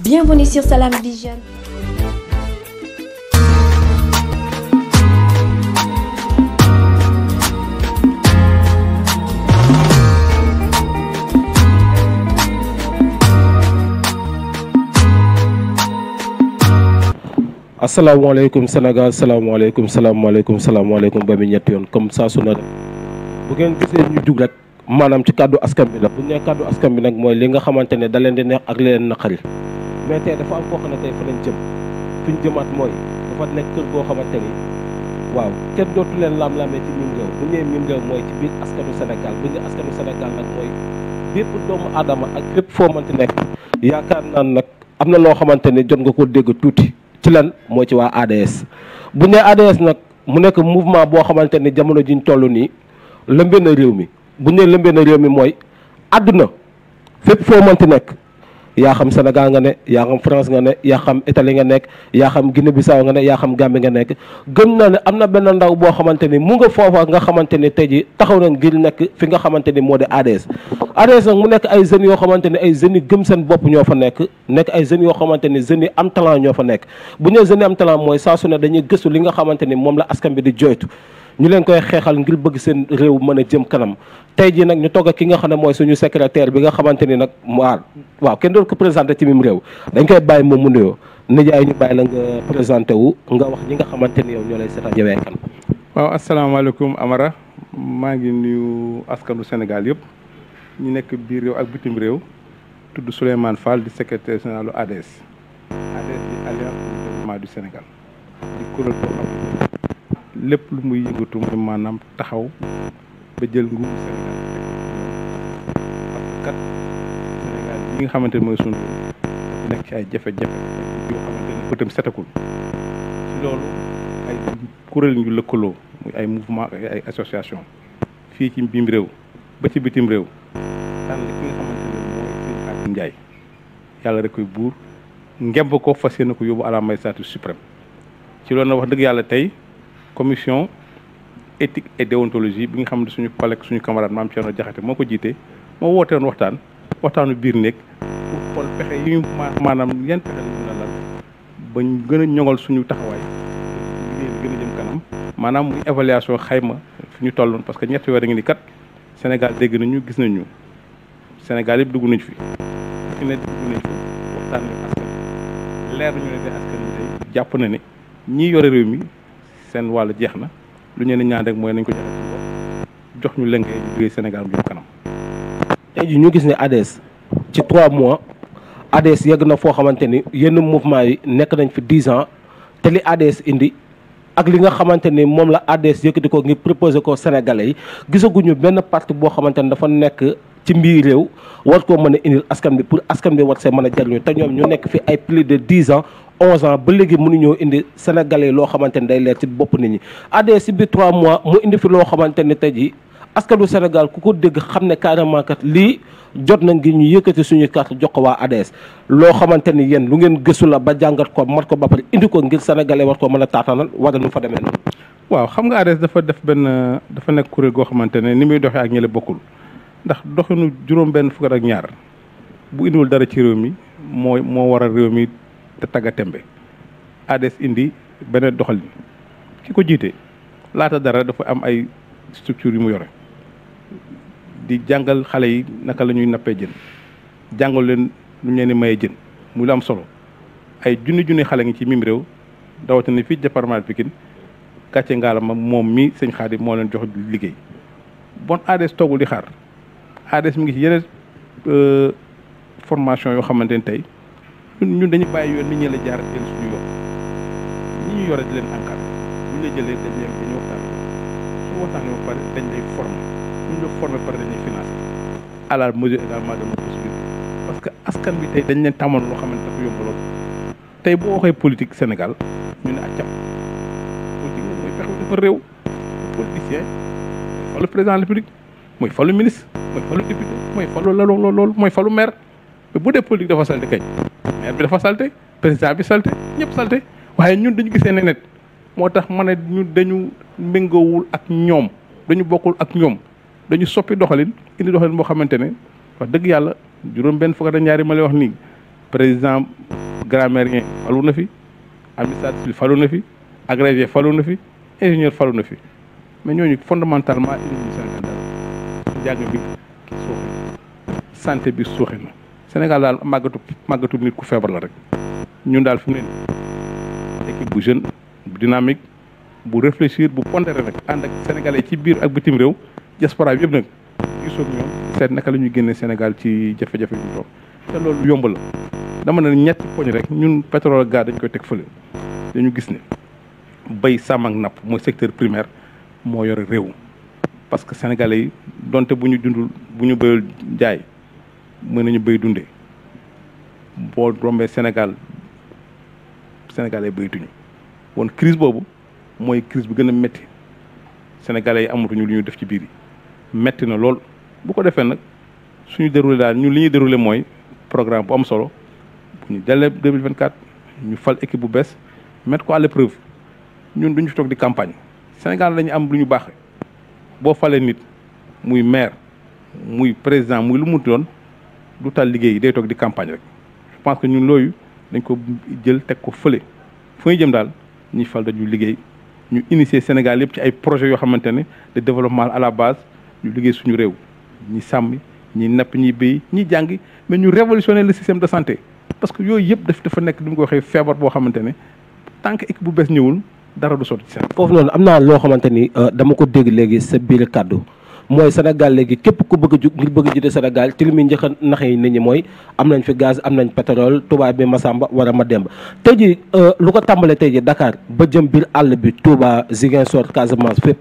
Bienvenue sur Salam Vision. asalaamaaleykum Sénégal salaamaaleykum salaamaaleykum salaamaaleykum ba mi ñetti yoon comme saa su na bu ngeen gisee ñu jug rek maanaam ci kàddu askan bi la bu ñu nee askan bi nag mooy li nga xamante ne da leen di neex ak li leen naqari mais tey dafa am foo xam ne tey fa lañ jëm fi jëmaat mooy dafa nekk kër goo xamante ni waaw kenn dootu leen laam ci mim bu nee mim mooy ci biir askanu Sénégal bu ñu nee askanu Sénégal nag mooy bépp doomu aadama ak bépp foo mënti nekk yaakaar naa nag am na loo xamante ni jot nga ko dégg tuuti ci lan moo ci waa ADS bu ne nee ADS nag mu nekk mouvement boo xamante ni jamono jiñ toll nii lëmbee na réew mi bu ñu nee lëmbee na réew mi mooy àdduna fépp foo mënti nekk yaa xam Sénégal nga ne yaa xam France nga ne yaa xam Italie nga nekk yaa xam Guinée Bissau nga ne yaa xam Gambie nga nekk gëm naa ne am na benn ndaw boo xamante ni mu nga foofa nga xamante ni tey jii taxaw na ngir nekk fi nga xamante ni moo di ADS ADS nag mu nekk ay jeunes yoo xamante ni ay jeunes gëm seen bopp ñoo fa nekk nekk ay jeunes yoo xamante ni jeunes yi am talent ñoo fa nekk bu ñu jeunes yi am talent mooy saa su ne dañuy gëstu li nga xamante ni moom la askan bi di joytu ñu leen koy xeexal ngir bëgg seen réew mën a jëm kanam tey jii nag ñu togg ki nga xam ne mooy suñu secrétaire bi nga xamante ni nag mu aar waaw kenn doon ko présenté ci mim réew dañ koy bàyyi moom mu nuyoo nijaay ñu bàyyi la nga présenté wu nga wax ñi nga xamante ni yow ñoo lay seetaan jëwee kan waaw asalaamaaleykum Amara maa ngi nuyu askanu Sénégal yëpp ñu nekk biir réew ak bitim réew tudd Souleymane Fall di secrétaire général ADS ADS di alliance du développement du Sénégal lépp lu muy yëngatu mooy maanaam taxaw ba jël nguuru Sénégal kat Sénégal nga xamante ne mooy sunu ci ay jafe-jafe yoo xamante ne loolu ay kuréel yu lëkkaloo muy ay mouvement ay association fii ci biim réew ba ci bitim réew Njaay yàlla rek koy buur ngemb ko fas yéene ko yóbbu à la magistrature suprême ci loolu na wax dëgg yàlla tey commission éthique et déontologie bi nga xam ne suñu collègue suñu camarade maam Thierno Diakhaté moo ko jiite moo wootee woon waxtaan waxtaanu biir néeg pour xool ba gën a ñoŋal suñu taxawaay liggéey maanaam muy évaluation xayma fi ñu tolloon parce que ñetti weer a ngi ni kat Sénégal dégg nañu gis nañu Sénégal yëpp dugg nañ fi fi dugg leer nañu ne de askan bi tey jàpp na ne ñii yore réew mi seen wàll jeex na lu ñu leen ñaan rek mooy nañ ko jox ñu lënkee ñu jógee Sénégal mu jëm kanam. tey ñu gis ne ADS ci trois mois ADS yegg na foo xamante ni yenn mouvement yi nekk nañ fi dix ans te li ADS indi. ak li nga xamante ni moom la ADS yëkkati ko ngir préposé ko Sénégalais yi gisaguñu benn parti boo xamante ni dafa nekk ci mbii réew war koo mën a indi askan bi pour askan bi war see mën a jariñu te ñoom ñu nekk fi ay plus de dix ans onze ans ba léegi mënuñoo indi sénégalais loo xamante ni day leer ci bopp nit ñi ADS si biir trois mois mu indi fi loo xamante ni tey jii askanu Sénégal ku ko dégg xam ne carrément kat lii jot na ngi ñu yëkkati suñu carte jox ko waa ADS loo xamante ni yéen lu ngeen gëstu la ba jàngat ko mat ko ba pare indi ko ngir sénégalais war koo mën a taataanal wala nu fa demee waaw xam nga ADS dafa def benn dafa nekk kuréel goo xamante ne ni muy doxee ak ñële bokkul ndax doxinu juróom benn fukk ak ñaar bu indiwul dara ci réew mi moo moo waral réew mi te tagga tembe ADS indi beneen doxalin ki ko jiite laata dara dafa am ay structure yu mu yore di jàngal xale yi naka la ñuy nappee jën jàngal leen lu ñu leen mayee jën muy lu am solo ay junni junni xale ngi ci mi réew rawatina fii département pikin gàcce ngaalama moom mii sëñ Xaadim moo leen jox liggéey bon ADS toogul di xaar ADS mi ngi ci euh, formation yoo xamante ne tey ñun dañu bàyyi yoon nit ñi la jaar jël suñu yoon ñi ñu yore di leen encadré bu ñu la jëlee dañ leen dañu waxtaan su waxtaanee ba pare dañ lay former bu ñu la former pare dañ parce que askan bi tey dañ leen tàmmoon loo xamante dafa yombaloon tey boo waxee politique Sénégal ñu ne accam politique mooy pexe dafa réew politicien wala président République mooy falu ministre mooy falu député mooy falu la lool mooy falu maire bu dee politique dafa salte kañ maire bi dafa salte président bi salte ñëpp salte waaye ñun dañu gisee ne net moo tax ma ne ñu dañu méngoowul ak ñoom dañu bokkul ak ñoom dañu soppi doxalin indi doxalin boo xamante ne wax dëgg yàlla juróom benn fukk ak ñaari wax nii président grammairien falu na fi administratif falu na fi agrégé falu na fi ingénieur falu na fi mais ñooñu jàng bi santé bi suuxe na Sénégal daal màggatu màggatu nit ku feebar la rek ñun daal fi mu ne nii équipe bu jeune bu dynamique bu réfléchir bu pondéré rek ànd ak sénégalais ci biir ak bitim réew diaspora bi yëpp nag gisoog ñoom seet naka lañuy ñuy génnee Sénégal ci jafe-jafe bi toog te loolu yomb la dama ne ñetti poñ rek ñun pétrole gaz dañ koy teg fële dañu gis ne bay sàmm ak mooy secteur primaire moo yore réew parce que sénégalais yi donte bu ñu dundul bu ñu béyul jaay mën nañu béy dundee boo rombee Sénégal sénégalais béytuñu woon crise boobu mooy crise bu gën a métti sénégalais yi amatuñu lu ñu def ci biir yi métti na lool bu ko defee nag suñu déroulé daal ñun li ñuy déroulé mooy programme bu am solo bu ñu jàllee 2024 ñu fal équipe bu bees mettre ko à l'épreuve ñun duñu fi toog di campagne Sénégal lañu am lu ñu baax boo falee nit muy maire muy président muy lu mu doon du tal liggéey day toog di campagne rek je pense que ñun looyu dañ ko jël teg ko fële fu ñu jëm daal ñuy fal dañu liggéey ñu initier Sénégal yëpp ci ay projets yoo xamante ne de développement à la base ñu liggéey suñu réew ñi sàmmi ñi napp ñi béy ñi jàng mais ñu révolutionner le système de santé parce que yooyu yëpp daf dafa nekk du ñu ko waxee feebar boo xamante ne tant que équipe bu bees ñëwul dara du sotti foofu noonu am naa loo xamante ni euh, dama ko dégg léegi sa biir kàddu mooy Sénégal léegi képp ku bëgg a jug ngir bëgg a jiite Sénégal ci li muy njëkk a naxe nit ñi mooy am nañ fi gaz am nañ pétrole tubaab bi Masamba wala Mademba tey jii euh, lu ko tàmbalee tey jii Dakar ba jëm biir àll bi Touba Ziguinchor Casamance fépp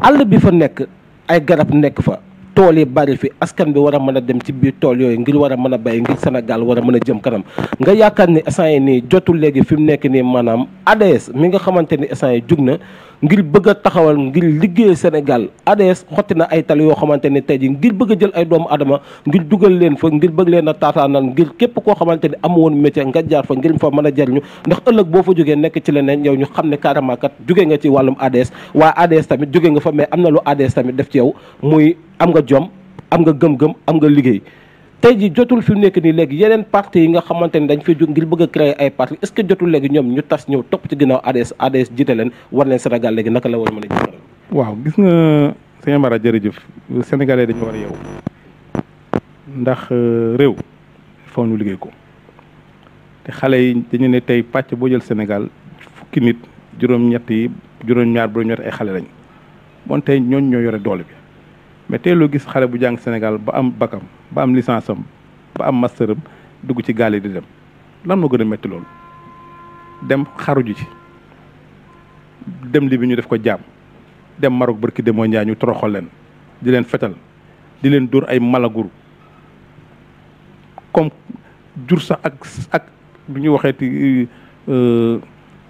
àll bi fa nekk ay garab nekk fa. tool yi bari fi askan bi war a mën a dem ci biir tool yooyu ngir war a mën a béy ngir Sénégal war a a jëm kanam nga yaakaar ni instant yi nii jotul léegi fi mu nekk nii maanaam ADS mi nga xamante ni instant yi na ngir bëgg taxawal ngir liggéey Sénégal ADS xotti na ay tali yoo xamante ni tey ji ngir bëgg jël ay doomu adama ngir dugal leen fa ngir bëgg leen a taataanal ngir képp koo xamante ni am woon métier nga jaar fa ngir fa mën a jariñu ndax ëllëg boo fa jógee nekk ci leneen xam ne carrément kat jógee nga ci wàllum ADS waaye ADS tamit jógee mais am na lu ADS tamit def ci yow am nga jom am nga gëm-gëm am nga liggéey tey ji jotul fi mu nekk nii léegi yeneen parti yi nga xamante ni dañ fi jóg ngir bëgg a créer ay parti est-ce que jotul léegi ñoom ñu tas ñëw topp ci ginnaaw ADS ADS jiite leen war leen Sénégal léegi a waaw gis nga sëñ Mbara jërëjëf sénégalais dañu war a yeewu ndax euh, réew faw ñu liggéey ko te xale yi dañu ne tey pàcc boo jël Sénégal fukki nit juróom-ñett yi juróom-ñaar juróom-ñett ay xale lañ bon tey ñooñu ñoo yore doole bi mais teeloo gis xale bu jàng Sénégal ba am bakkam ba am licence am ba am master dugg ci gaal di dem lan moo gën a métti loolu dem xaru ci dem li bi ñu def ko jaam dem Maroc barki demoo Ndiaye ñu toroxal leen di leen fetal di leen dóor ay malagur comme jur sax ak ak lu ñuy waxeeti euh,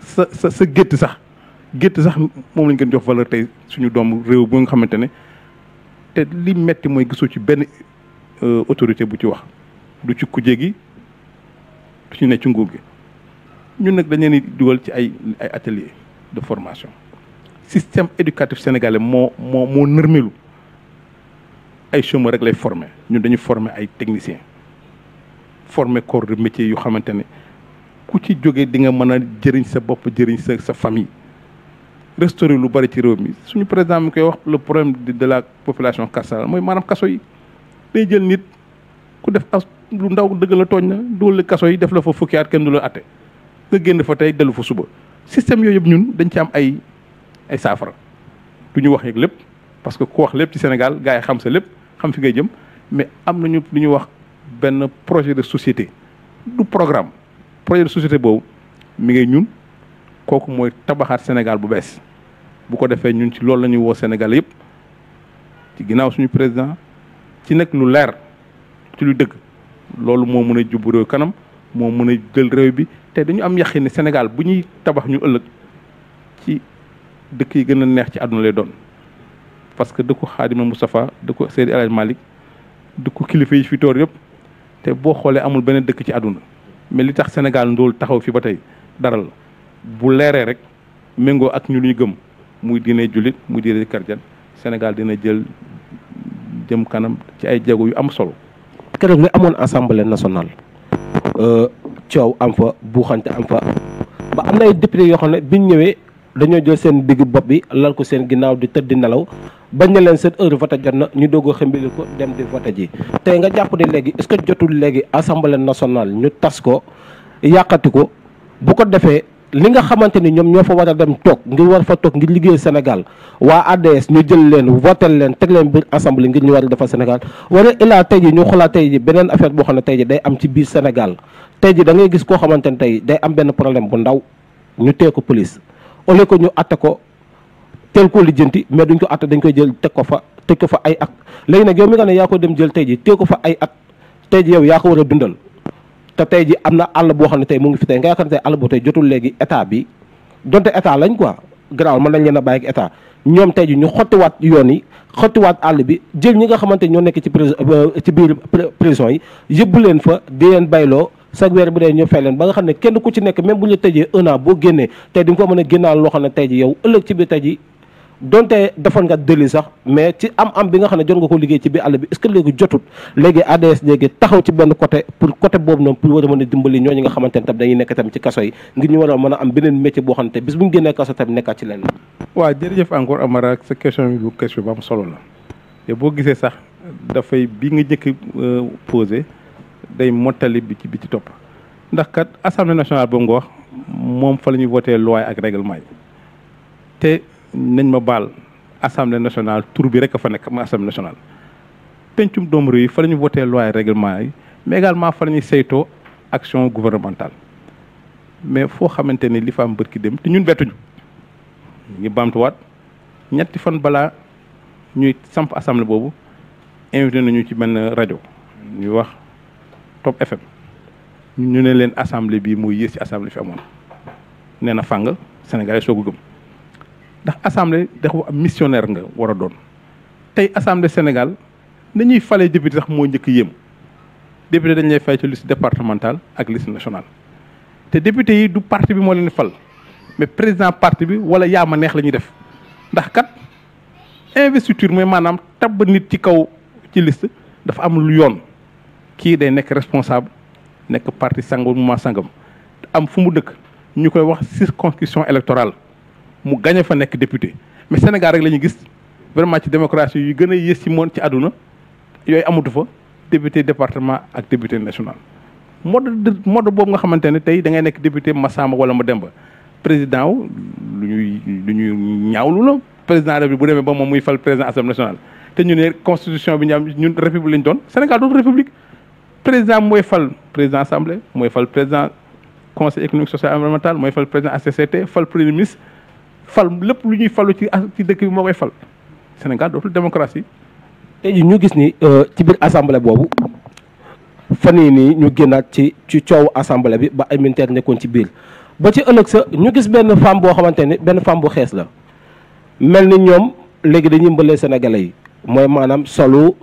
sa sa sa gétt sax gétt sax moom lañ gën jox valeur tey suñu doom réew bu nga xamante ne te li metti mooy gisoo ci benn euh, autorité bu ci wax du ci kuje gi du ci ne ci nguur gi ñun nag dañ leen di dugal ci ay ay atelier de formation système éducatif sénégalais moo moo moo nërmelu ay chômeurs rek lay former ñun dañuy former ay techniciens former corps de métier yu xamante ne ku ci jógee di nga mën a jëriñ sa bopp jëriñ sa sa famille restauré lu bari ci réew mi suñu président mi koy wax le problème de la population carcérale mooy maanaam kaso yi day jël nit ku def as lu ndaw dëgg la tooñ na doole kaso yi def la fa fukki at kenn du la atte nga génn fa tey dellu fa suba système yooyu yëpp ñun dañ ci am ay ay saafara du ñu wax yeeg lépp parce que ku wax lépp ci Sénégal gars yi xam sa lépp xam fi ngay jëm mais am na ñu lu ñuy wax benn projet de société du programme projet de société boobu mi ngay ñu kooku mooy tabaxaat Sénégal bu bees bu ko defee ñun ci loolu la ñuy woo Sénégal yëpp ci ginnaaw suñu président ci nag lu leer ci lu dëgg loolu moo mën a jubbu réew kanam moo mën a jël réew bi te dañu am yaqin ne Sénégal bu ñuy tabax ñu ëllëg ci dëkk yi gën a neex ci àdduna lay doon parce que dëkku Xaadima Moustapha dëkku Seydi El Hadj Malick dëkku kilifa yi fi toor yëpp te boo xoolee amul beneen dëkk ci àdduna mais li tax Sénégal ndool taxaw fi ba tey dara la bu leeree rek méngoo ak ñu luy muy diine jullit muy diine chrétien Sénégal dina jël jëm kanam ci ay jéego yu am solo. keroog mi amoon assemblée nationale. Euh, coow am fa buuxante am fa. ba am na ay député yoo xam ne biñ ñëwee dañoo jël seen digg bopp bi lal ko seen ginnaaw di tëdd nelaw bañ na leen seen heure vote jot na ñu doog a ko dem di vote ji. tey nga jàpp ne léegi est-ce que jotu léegi assemblée nationale ñu tas ko yàqati ko bu ko defee. li nga xamante ni ñoom ñoo fa war a dem toog ngir war fa toog ngir liggéey Sénégal waa ADS ñu jël leen votel leen teg leen biir assemblée ngir ñu war a defal Sénégal wala ilaa tey ji ñu xoolaat tey ji beneen affaire boo xam ne tey ji day am ci biir Sénégal tey ji da gis koo xamante ne tey day am benn problème bu ndaw ñu tee ko police au lieu que ñu atte ko teel ko lijjanti mais duñ ko atte dañ koy jël teg ko fa teg ko fa ay ak léegi nag yow mi nga ne yaa ko dem jël tey ji tee ko fa ay at tey yow yaa ko war a dundal te tey ji am na àll boo xam ne tey mu ngi fi tey nga yaakaar ne tey àll boo tey jotul léegi état bi donte état lañ quoi garaawul ma nañ leen a bàyyi ak état ñoom tey ji ñu xottiwaat yoon yi xottiwaat àll bi jël ñi nga xamante ñoo nekk ci prison euh, ci biir prison yi yëbbu leen fa di leen bayloo chaque weer bi dee ñu fay leen ba nga xam ne kenn ku ci nekk même bu ñu la tëjee boo génnee tey di nga ko mën a génnaal loo xam ne tey ji yow ëllëg ci biir tey ji donte defoon nga dëli sax mais ci am-am bi nga xam ne jot nga ko liggéey ci bi àll bi est-ce que léegi jotut léegi ADS léegi taxaw ci benn côté pour côté boobu noonu pour war a mën a dimbali ñooñu nga xamante ne tam dañuy nekk tam ci kaso yi ngir ñu war a mën a am beneen métier boo xam ne bis bu ñu génnee kaso tam nekkaat ci leneen. waaw jërëjëf encore Amara sa question bi bu question bu am solo la te boo gisee sax dafay bi nga njëkk euh, posé day mottali bi ci bi ci topp ndax kat assemblée nationale boobu nga wax moom fa la ñuy voté luwaay ak règlement yi nañ ma baal assemblée nationale tour bi rek a fa nekk ma assemblée nationale. pencum doomu réew yi fa la ñu voté loi règlement yi mais également fa la ñuy saytoo action gouvernementale mais foo xamante ni li fa am bërki dem te ñun bettuñu ñu bamtuwaat ñetti fan balaa ñuy samp assemblée boobu invité nañu ci benn rajo ñu wax Top FM ñu ne leen assemblée bii mooy yées ci assemblée fi amoon nee na fàng Sénégalais soo ko gëm. ndax assemblée dafa am missionnaire nga war a doon tey assemblée Sénégal nañuy falee député sax moo njëkk yéem député dañ lay fay ci liste départementale ak liste nationale te député yi du parti bi moo leen fal mais président parti bi wala yaa ma neex la ñuy def ndax kat investiture mooy maanaam tabb nit ci kaw ci list dafa am lu yoon kii day nekk responsable nekk parti sangam mouvement sangam am fu mu dëkk ñu koy wax circonscription électorale mu gañe fa nekk député mais Sénégal rek la ñu gis vraiment ci démocratie yu gën a yées ci moon ci àdduna yooyu amatu fa député département ak député national mode mode boobu nga xamante ne tey dangay ngay nekk député Massamba wala ma Demba président wu lu ñuy lu ñuy ñaawlu la président bi bu demee ba moom muy fal président assemblée nationale te ñu ne constitution bi ñu am ñun république lañ doon Sénégal dootul république président mooy fal président assemblée mooy fal président conseil économique social environnemental mooy fal président ACCT fal fal lépp lu ñuy falu ci ci dëkk bi moo koy fal Sénégal dootul démocratie. tey jii ñu gis ni euh, ci biir assemblée boobu fan yii nii ñu génnaat ci ci coowu assemblée bi ba ay militaire nekkoon ci biir ba ci ëllëg sa ñu gis benn femme boo xamante ni benn femme bu xees la mel ni ñoom léegi dañuy mbëlee sénégalais yi mooy maanaam solo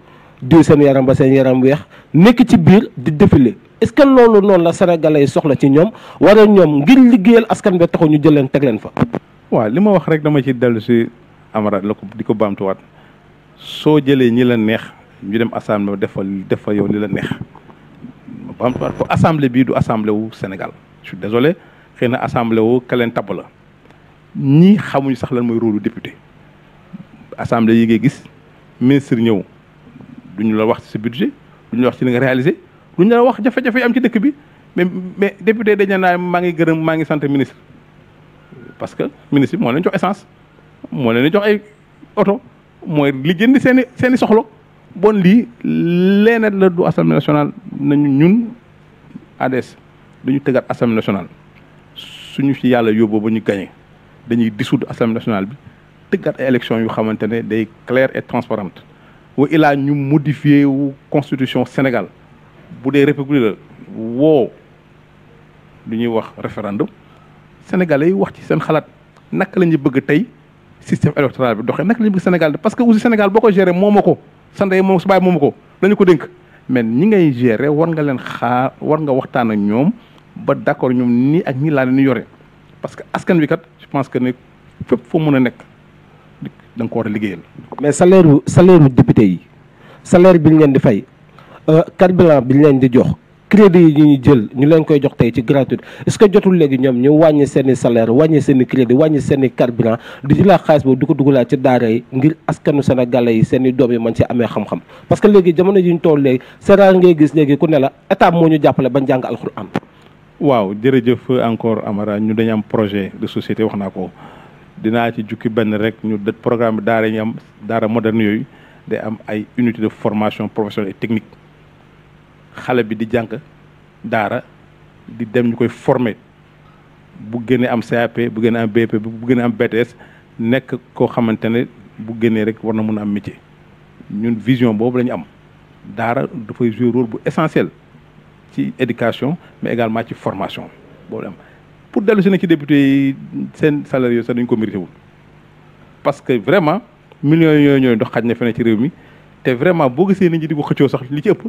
diw seen yaram ba seen yaram weex nekk ci biir di défilé est-ce que loolu noonu la sénégalais yi soxla ci ñoom wala ñoom ngir liggéeyal askan bi taxu ñu jël leen teg leen fa. waaw li ma wax rek dama ci dellu si amara la ko di ko baamtuwaat soo jëlee ñi la neex ñu dem assemblée def def fa yow li la neex baamtuwaat ko bii du assemblée wu Sénégal su suis désolé xëy na assemblée wu kaleen tabb la ñii xamuñu sax lan mooy rôle député assemblée yi ngay gis ministre ñëw duñu la wax ci si budget duñu la wax ci li nga réalisé duñu la wax jafe-jafe yi am ci dëkk bi mais mais député dañu naan maa ngi gërëm maa ngi sant ministre parce que ministre moo leen jox essence moo leen jox ay oto mooy li jënd seen i seen bon lii leneen la du assemblée nationale nañu ñun ADS dañu tëggaat assemblée nationale suñu fi yàlla yóbboo ba ñu gañe dañuy dissoudre assemblée nationale bi tëggaat ay élection yu xamante ne day claire et transparente wa ilaa ñu modifié wu constitution Sénégal bu dee république woo lu ñuy wax référendum sénégalais yi wax ci seen xalaat naka la ñuy bëgg tey système électoral bi doxee naka la ñuy bëgg Sénégal parce que aussi Sénégal boo ko gérer moomoo ko sa ndey moom su bàyyi ko dañu ko dénk mais ñi ngay gérer war nga leen xaar war nga waxtaan ak ñoom ba d'accord ñoom nii ak nii laa leen yore parce que askan wi kat je pense que ne fépp foo mën a nekk da nga ko war a liggéeyal. mais salaire salaire député yi salaire bi ñu leen di fay euh, carburant bi ñu leen di jox. crédit yi ñu jël ñu leen koy jox tey ci gratuite est-ce que jotul léegi ñoom ñu wàññi seeni i salaire wàññi seen i crédit wàññi seen i carburant di jëlaat xaalis boobu di ko dugalaat ci daara yi ngir askanu Sénégalais yi seen i doom yi mañ ci amee xam-xam parce que léegi jamono ji ñu toll léegi sera ngay gis léegi ku ne la état moo ñu jàppale ba njàng alxuraan waaw jërëjëf encore Amara ñu dañu am projet de société wax naa ko dinaa ci jukki benn rek ñu programme daara ñu am daara moderne yooyu day am ay unité de formation professionnelle technique xale bi di jànq daara di dem ñu koy former bu génnee am CAP bu génnee am BP bu génnee am BTS nekk koo xamante ne bu génnee rek war na mën a am métier ñun vision boobu la ñu am daara dafay jouer rôle bu essentiel ci éducation mais également ci formation boobu la am pour dellu si na ci député yi seen salaire yooyu sax dañu ko mérité wul parce que vraiment millions yooyu ñooy dox xaj na feneen ci réew mi te vraiment boo gisee nit ñi di ko xëccoo sax li ci ëpp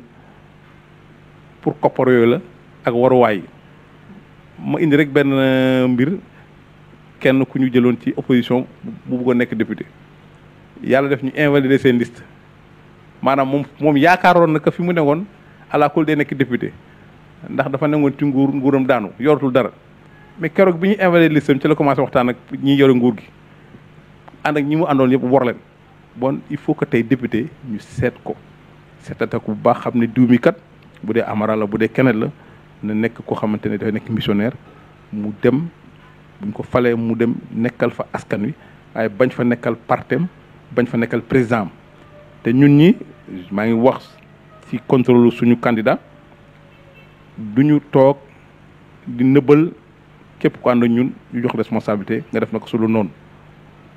pour koppar yooyu la ak waruwaay ma indi rek benn euh, mbir kenn ku ñu jëloon ci opposition bu bëggoon nekk député yàlla def ñu invalider seen liste maanaam moom moom yaakaaroon na que fi mu newoon alaakul day nekk député ndax dafa newoon ti nguur nguuram daanu yoratul dara mais keroog bi ñu invalider liste am ci la commencé waxtaan ak ñi yore nguur gi ànd ak ñi mu àndoon yëpp wor leen bon il faut que tey député ñu seet ko seetata ko bu baax xam ne diw bu dee amara la bu dee keneen la na nekk koo xamante ne dafay nekk missionnaire mu dem buñ ko falee mu dem nekkal fa askan wi waaye bañ fa nekkal partem bañ fa nekkal président te ñun ñi maa ngi wax ci contrôle suñu candidat duñu toog di nëbbal képp ku ànd ñun ñu jox responsabilité nga def na ko su lu noonu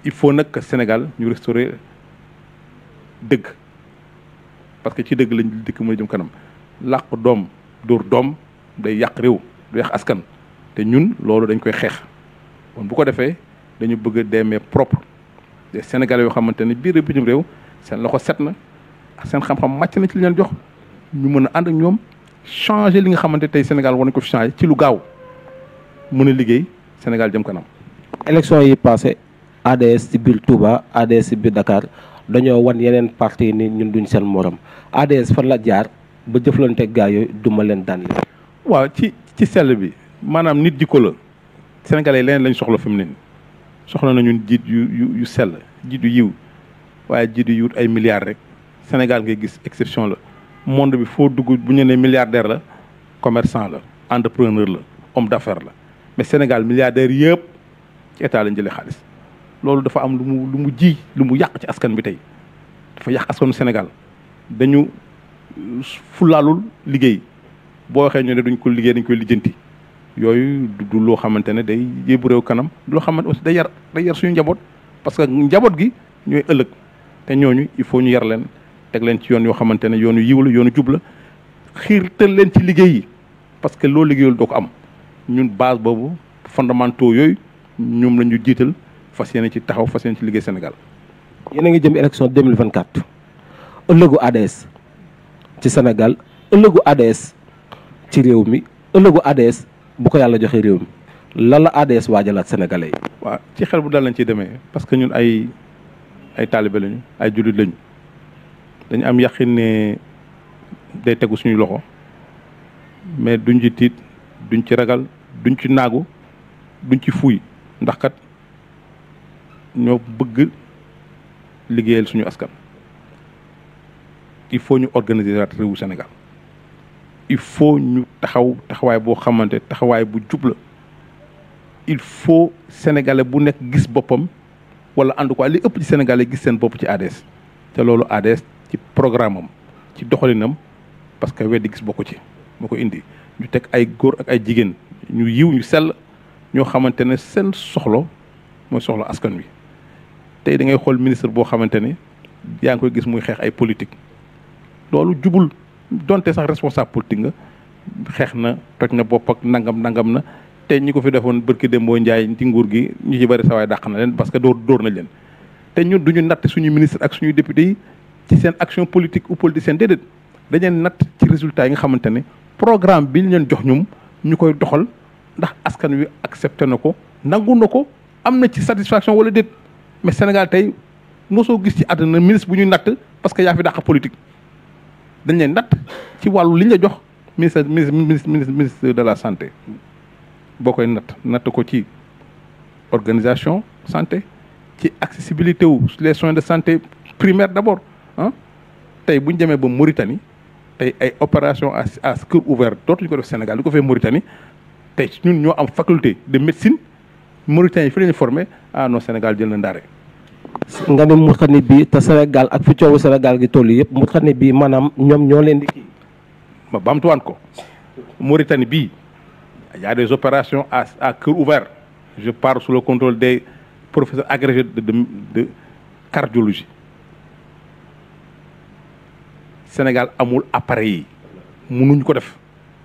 il faut nag que Sénégal ñu restaurer dëgg parce que ci dëgg lañ dikk mooy jëm kanam làq doom dóor doom day yàq réew du yàq askan te ñun loolu dañ koy xeex kon bu ko defee dañu bëgg a demee propre des sénégalais yoo xamante ne biir bitim réew seen loxo set na ak seen xam-xam màcc na ci li leen jox ñu mën a ànd ak ñoom changer li nga xamante tey Sénégal war nañ ko fi changer ci lu gaaw mën a liggéey Sénégal jëm kanam. élection yi passé ADS ci biir Touba ADS ci biir Dakar dañoo wan yeneen parti ni ñun duñ seen morom ADS fan la jaar. ba jëflanteeg gaa yooyu du ma leen daan leen. waaw ci ci sell bi maanaam nit jikko la Sénégalais yi leneen lañ soxla fi mu ne soxla nañu jiit yu yu yu sell jiit yiw waaye jiit yu wut ay milliards rek Sénégal ngay gis exception la monde bi foo dugg bu ñu nee milliardaire la commerçant la entrepreneur la homme d'affaires la mais Sénégal milliardaire yëpp ci état lañ jële xaalis loolu dafa am lu mu lu mu ji lu mu yàq ci askan bi tey dafa yàq askanu Sénégal dañu fulaalul liggéey boo waxee ñu ne duñ ko liggéey dañ koy lijjanti yooyu du loo xamante ne day yóbbu réew kanam du loo xamante aussi day yar day yar suñu njaboot parce que njaboot gi ñooy ëllëg te ñooñu il faut ñu yar leen teg leen ci yoon yoo xamante ne yoonu yiw la yoonu jubla la xiirtal leen ci liggéey yi parce que loo liggéeyul doo ko am ñun base boobu fondamentaux yooyu ñoom la ñu jiital fas yéene ci taxaw fas yéene ci liggéey Sénégal. yéen a ngi jëm élection 2024 ëllëgu ADS ci senegal ëllëgu ADS ci réew mi ëllëgu ADS bu ko yàlla joxe réew mi lan la ADS waajalaat sénégalais yi. waaw ci xel bu dal lañ ciy demee parce que ñun ay ay taalibe lañu ay jullit lañu dañu am yaqin ne day tegu suñu loxo mais duñ ci tiit duñ ci ragal duñ ci naagu duñ ci fuuy ndax kat ñoo bëgg liggéeyal suñu askan. il faut ñu organiser waat réewu Sénégal il faut ñu taxaw taxawaay boo xamante taxawaay bu jubla il faut sénégalais bu nekk gis boppam wala en tout cas li ëpp ci sénégalais gis seen bopp ci ADS te loolu ADS ci programme am ci doxalinam parce que weddi gis bokku ci moo ko indi ñu teg ay góor ak ay jigéen ñu yiw ñu sell ñoo xamante ne seen soxla mooy soxlo askan wi tey da ngay xool ministre boo xamante ne yaa ngi koy gis muy xeex ay politique loolu jubul donte sax responsable politique nga xeex na toj na bopp ak nangam nangam na te ñi ko fi defoon bërki dem boo njaay ci nguur gi ñu ci bëri sawaay dàq na leen parce que dóor dóor leen te ñun ñu natt suñu ministre ak suñuy député yi ci seen action politique ou politicien seen dañu leen natt ci résultat yi nga xamante ne programme bi ñu leen jox ñum ñu koy doxal ndax askan wi accepté na ko nangu na ko am na ci satisfaction wala déet mais Sénégal tey mosoo gis ci àdduna ministre bu ñuy natt parce que yaa fi dàq politique dañ leen natt ci wàllu li ñu jox ministre ministre ministre de la santé boo koy natt natt ko ci organisation santé ci accessibilité wu les soins de santé primaire d'abord ah tey bu ñu demee ba Mauritanie tey ay opération a à cœur ouvert dootuñu ko def Sénégal li ko fee Mauritanie tey ñun ñoo am faculté de médecine Mauritanie yi fi la ñu formé ah Sénégal jël na ndare nga ne Mauritanie bi te Sénégal ak fi coowu Sénégal gi toll yëpp Mauritanie bi maanaam ñoom ñoo leen di kii. ma bamtuwaan ko Mauritanie bi y des opérations à à cœur ouvert je parle sous le contrôle des professeurs agrégés de de de cardiologie Sénégal amul appareil yi nuñ ko def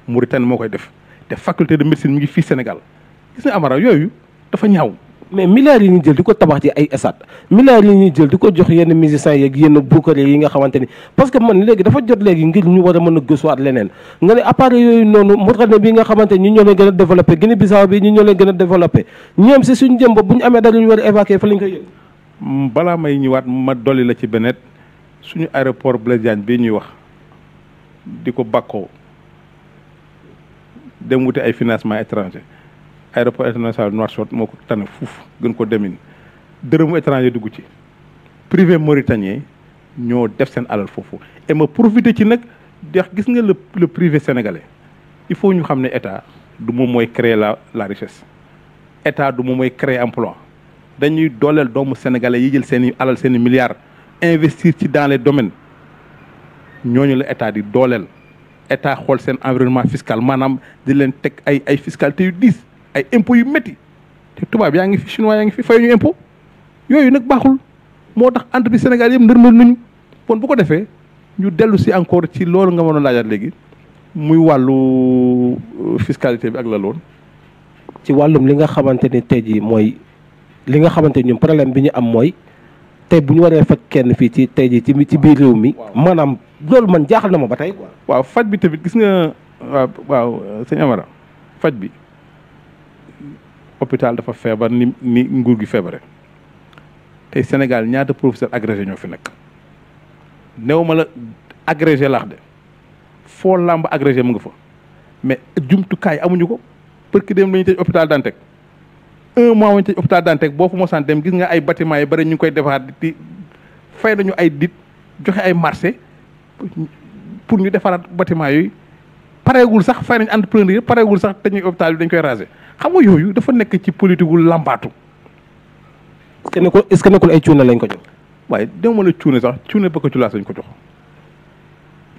Mauritanie moo koy def te faculté de médecine mi ngi fii Sénégal gis nga Amara yooyu dafa ñaaw. mais milliards yi ñu jël di ko tabax ci ay esat milliards yi ñuy jël di ko jox yenn musiciens yeeg yenn bookare yi nga xamante ni parce que man léegi dafa jot léegi ngir ñu war a mën a gëstuwaat leneen nga ne appareil yooyu noonu Mauritanie bi nga xamante ni ñu ñoo leen gën a développé Guinée Bissau bi ñu ñoo leen gën a développé ñoom si suñu jëm ba ñu amee dara ñu war a évacuer fa lañ koy yëg mm, balaa may ñëwaat ma dolli la ci benet suñu aéroport Blaise Diagne bii ñuy wax di ko bàkkoo dem wuti ay financement étranger aéroport international Nouakchott moo ko tane fuuf gën ko demin dërëmu étranger dugg ci privé mauritanien ñoo def seen alal foofu et ma profité ci nag dex gis nga le le privé sénégalais il faut ñu xam ne état du moom mooy créer la la richesse état du moom moy créer emploi dañuy dooleel doomu sénégalais yi jël seen i alal seen i milliards investir ci dans les domaines ñooñu la état di dooleel état xool seen environnement fiscal maanaam di leen teg ay ay fiscalité yu ay impôts yu métti te tubaab yaa ngi fi chinois yaa ngi fi fayuñu impôt yooyu nag baaxul moo tax entreprise Sénégal yëpp ndërmal nañu kon bu ko defee ñu dellu si encore ci loolu nga ma mënoon laajaat léegi muy wàllu euh, fiscalité bi ak la loon ci wàllum li nga xamante ni tey jii mooy li nga xamante ni ñun problème bi ñu am mooy tey bu ñu waree fekk kenn fii ci tey jii ci biir réew mi. maanaam loolu man jaaxal na ma ba tey quoi. waaw faj bi tamit gis nga waaw waaw sëñ Amara faj bi. hôpital dafa feebar ni ni nguur gi feebare tey Sénégal ñaata professeur agrégé ñoo fi nekk néew ma la agrégé laax de foo làmb agrégé mu nga fa mais jumtukaay amuñu ko parce que dem lañu tëj hôpital Dantec un mois wañu tëj hôpital Dantec boo fa mosaan dem gis nga ay bâtiment yi bari ñu koy defaat di fay nañu ay dit joxe ay marché pour ñu defaraat bâtiment yooyu pareegul sax fay nañ entrepreneur pareegul sax te ñuy hôpital bi dañ koy raser xam nga yooyu dafa nekk ci politique wu làmbaatu. est-ce nekkul est-ce que nekkul ay cuune lañ ko jox. waaye dama la cuune sax cuune ba ko culaas lañ ko jox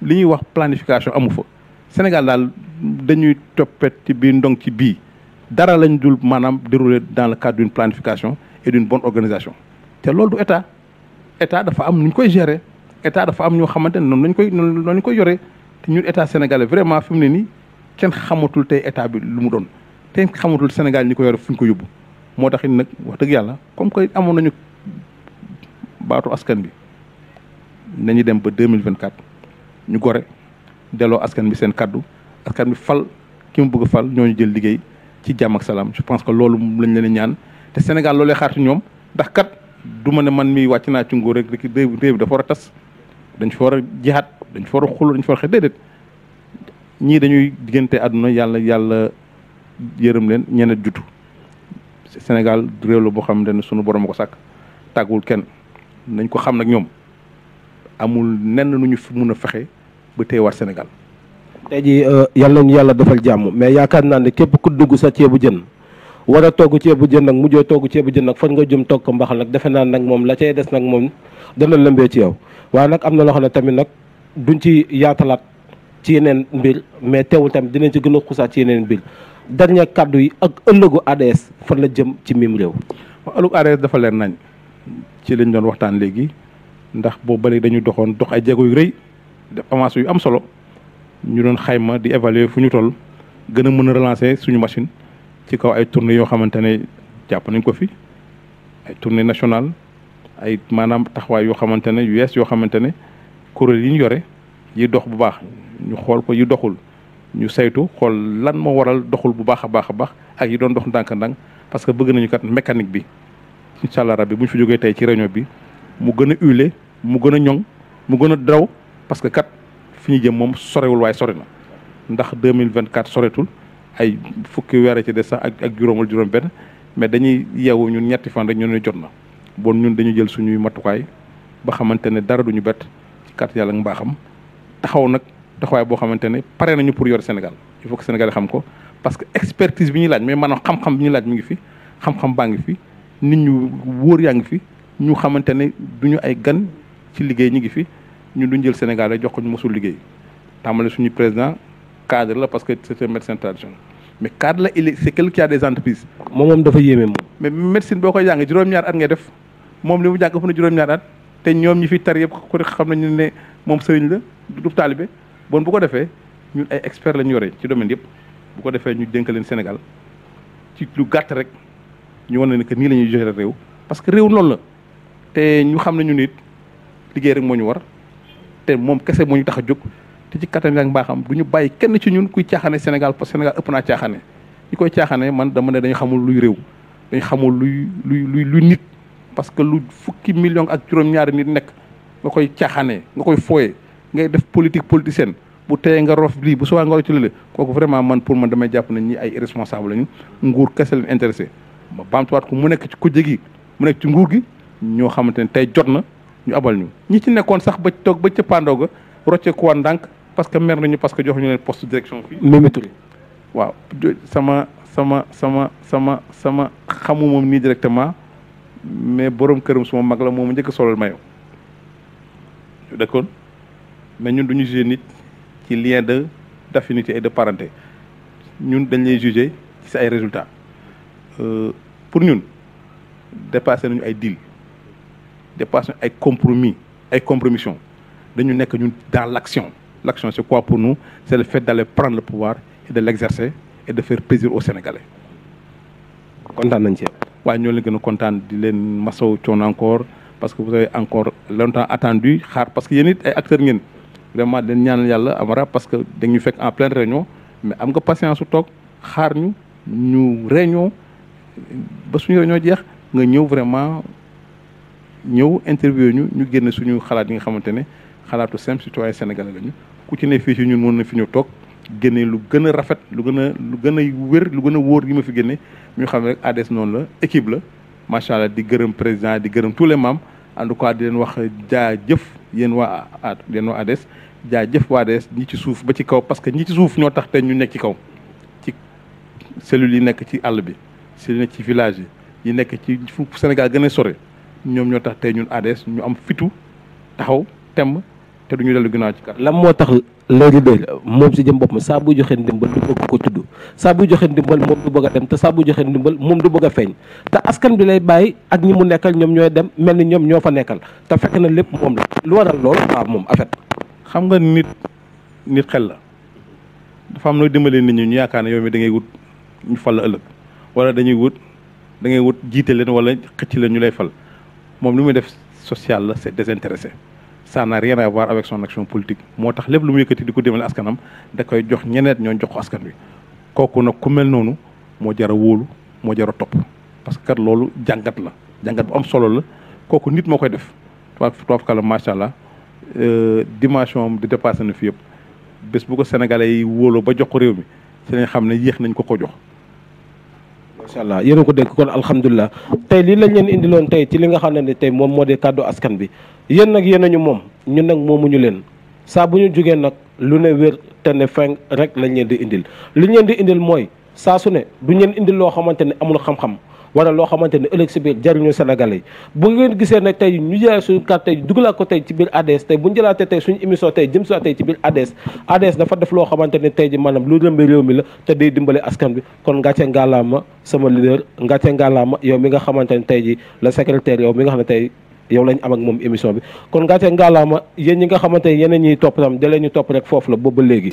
li ñuy wax planification amu fa Sénégal daal dañuy toppet ci biir ndong ci biir dara lañ dul maanaam déroulé dans le cadre d'une planification et d'une bonne organisation te loolu du état état dafa am nu koy gérer état dafa am ñoo xamante ne noonu lañ koy noonu lañ koy yore te ñun état sénégalais vraiment fi mu ne nii kenn xamatul te état bi lu mu doon. kenn xamatul Sénégal ñi ko yore fu ko yóbbu moo tax it nag wax dëgg yàlla comme que amoon nañu baatu askan bi nañu dem ba deux mille vingt quatre ñu gore delloo askan bi seen kaddu askan bi fal ki mu bëgg a fal ñooñu jël liggéey ci jàmm ak salaam je pense que loolu lañ leen ñaan te Sénégal loolee xaartu ñoom ndax kat du ma ne man mii wàcc naa ci nguur rek rek réew réew dafa war a tas dañ a jihaat dañ fa war dañ fa war a xeex déedéet ñii dañuy diggante àdduna yàlla yàlla. yërëm leen ñeneen jutu Sénégal réew la boo xamante ne sunu borom ko sàkk tàggul kenn nañ ko xam nag ñoom amul nenn nu ñu mun a fexe ba téyewaat Sénégal. tey jii euh, yal nañu yàlla defal jàmm mais yaakaar naa ne képp ku dugg sa ceebu jën war a togg ceebu jën nag mujjee togg ceebu jën nag fan nga jëm togg ko mbaxal nag defe naa nag moom la cay des nag moom dana lëmbee ci yow waaye nag am na loo ne tamit nag duñ ci yaatalaat ci yeneen mbir mais teewul tamit dinañ ci gën a xusaat ci yeneen mbir. dernier kàddu yi ak ëllëgu ADS fan la jëm ci mim réew. waaw ëllëgu ADS dafa leer nañ ci lañ doon waxtaan léegi ndax boo ba léegi dañu doxoon dox ay jéego yu rëy def avance yu am solo ñu doon xayma di évaluer fu ñu toll gën a mën a relancer suñu machine ci kaw ay tournées yoo xamante ne jàpp nañ ko fi ay tournées nationales ay maanaam taxawaay yoo xamante ne yu yoo xamante ne kuréel yi ñu yore yi dox bu baax ñu xool ko yi doxul. ñu saytu xool lan moo waral doxul bu baax a baax a baax ak yi doon dox ndànk-ndànk parce que bëgg nañu kat mécanique bi incha allah rabbi bu ñu fi jógee tey ci réunion bi mu gën a huilé mu gën a ñoŋ mu gën a daw parce que kat fi ñu jëm moom sorewul waaye sore na ndax deux mille vingt quatre soretul ay fukki weer ci des sax ak ak juróom wala juróom benn mais dañuy yeewu ñun ñetti fan rek ñu ne jot na bon ñun dañu jël suñuy matukaay ba xamante ne dara duñu bett ci kat yàlla mbaaxam taxaw nag. taxawaay boo xamante ne pare nañu pour yor Sénégal il faut que Sénégal xam ko parce que expertise bi ñu laaj mais maanaam xam-xam bi ñuy laaj mi ngi fi xam-xam baa ngi fi nit ñu wóor yaa ngi fi ñu xamante ne du ñu ay gan ci liggéey ñi ngi fi ñu duñ jël Sénégal jox ko ñu mosul liggéey tàmbale suñu président cadre la parce que c'est un médecin traditionnel mais cadre la il est c'est quelqu'un qui a des entreprises. moom moom dafa yéeme moom. mais médecine boo juróom-ñaar at ngay def moom li mu jàng fu na te ñoom ñi fi tar yëpp ku xam nañu ne moom sëriñ la du taalibe bon bu ko defee ñun ay expert lañu yoree ci domaine yëpp bu ko defee ñu dénk leen Sénégal ci lu gàtt rek ñu wan ne que nii la ñuy joxe réew parce que réew loolu la te ñu xam ne ñu nit liggéey rek moo ñu war te moom kese moo ñu tax a jóg te ci kattan ak mbaaxam du ñu bàyyi kenn ci ñun kuy caaxaane Sénégal parce Sénégal ëpp naa caaxaane ñu koy caaxaane man dama ne dañu xamul luy réew dañu xamul luy luy luy luy nit parce que lu fukki million ak juróom-ñaari nit nekk nga koy caaxaanee nga koy fooyee ngay def politique politicienne bu teye nga rof lii bu subaa nga rocc lële kooku vraiment man pour man damay jàpp ne ñi ay responsable lañu nguur kese leen intéressé ma waat ko mu nekk ci kujje mu nekk ci nguur gi ñoo xamante ne tey jot na ñu abal ñu ñi ci nekkoon sax ba toog ba cëppaandoo ga rocce ku waan ndànk parce que mer nañu parce que joxuñu leen poste direction fii Mimi Touré waaw sama sama sama sama sama xamu moom nii directement mais borom këram suma mag la moom njëkk solal mayo d'accord mais ñun du ñu jugé nit ci lien de d' affinité et de parenté ñun dañ lay jugé ci sa ay résultats euh, pour ñun dépassé nañu ay deal dépassé nañu ay compromis ay compromission dañu nekk ñun dans laction action l' action c' est quoi pour nous c' est le fait d' aller le pouvoir et de l' exercer et de faire plaisir aux Sénégalais. kontaan nañ ci yow. waaye ñoo leen kontaan di leen masaw coon encore parce que vous avez encore longtemps attendu xaar parce que yéen it ay acteurs ngeen. vraiment dañ ñaanal yàlla Amara parce que dañu fekk en pleine réunion mais am nga patience su toog xaar ñu ñu réunion ba suñu réunion jeex nga ñëw vraiment ñëw interview ñu ñu génn suñu xalaat yi nga xamante ne xalaatu simple citoyen sénégalais lañu ku ci ne fii ci ñun mën na fi ñu toog génne lu gën a rafet lu gën a lu gën a wér lu gën a wóor yi ma fi génne ñu xam rek ADS noonu la équipe la macha allah di gërëm président di gërëm tous les membres en tout cas di leen wax jaa jëf yéen waa yéen waa jaa jëf waa des ñi ci suuf ba ci kaw parce que ñi ci suuf ñoo tax te ñu nekk ci kaw ci cellules yi nekk ci àll bi cellules yi nekk ci village yi yi nekk ci fu Sénégal gën sore ñoom ñoo tax tey ñun ADS ñu am fitu taxaw temb te du ñu dellu ginnaaw ci kat lan moo tax le leader moom si jëm boppam saa bu joxe ndimbal du bëgg ko tudd saa joxe ndimbal moom du bëgg a dem te saa bu joxe ndimbal moom du bëgg a feeñ te askan bi lay bàyyi ak ñi mu nekkal ñoom ñooy dem mel ni ñoom ñoo fa nekkal te fekk na lépp moom lu waral loolu waaw ah, moom en fait xam nga nit nit xel la dafa am nooy dimbale nit ñi ñu yaakaar ne yow mi da ngay wut ñu fal la ëllëg wala dañuy wut da ngay wut jiite leen wala xëcc leen ñu lay fal moom lu muy def social la c'est désintéressé ça n'a rien à avec son action politique moo tax lépp lu mu yëkkati di ko dimbale askanam da koy jox ñeneet ñoo jox ko askan wi kooku nag ku mel noonu moo jar a wóolu moo jar a topp parce que loolu jàngat la jàngat bu am solo la kooku nit moo koy def tubaab tubaab macha allah. Euh, dimension du di na fi yëpp bés bu ko sénégal yi wóoloo ba jox ko réew mi ci lañ xam ne yéex nañ ko ko jox. macha allah yéen ko dégg kon alhamdulilah tey lii lañ leen indiloon tey ci li nga xam ne tey moom moo di kàddu askan bi yéen nag yéen ñu moom ñun nag moomuñu leen saa bu ñu jugee nag lu ne wér te ne feng rek lañ leen di indil li ñu leen di indil mooy saa su ne du ñu leen loo xamante ne amul xam-xam. wala loo xamante ne ëllëg si biir jariñu Sénégalais yi bu ngeen gisee nag tey ñu jëlaat suñu carte tey ko tey ci biir ADS bu ñu jëlaatee tey suñu émission tey jëm si tey ci biir ADS ADS dafa def loo xamante ne tey ji maanaam lu lëmbe réew mi la te day dimbale askan bi kon ngàcce ngàllaama sama nga ngàcce ngàllaama yow mi nga xamante ne tey ji la secrétaire yow mi nga xam ne tey yow lañ am ak moom émission bi kon ngàcce ngàllaama yéen ñi nga xamante ne yeneen ñiy topp tam da leen ñu topp rek foofu la booba léegi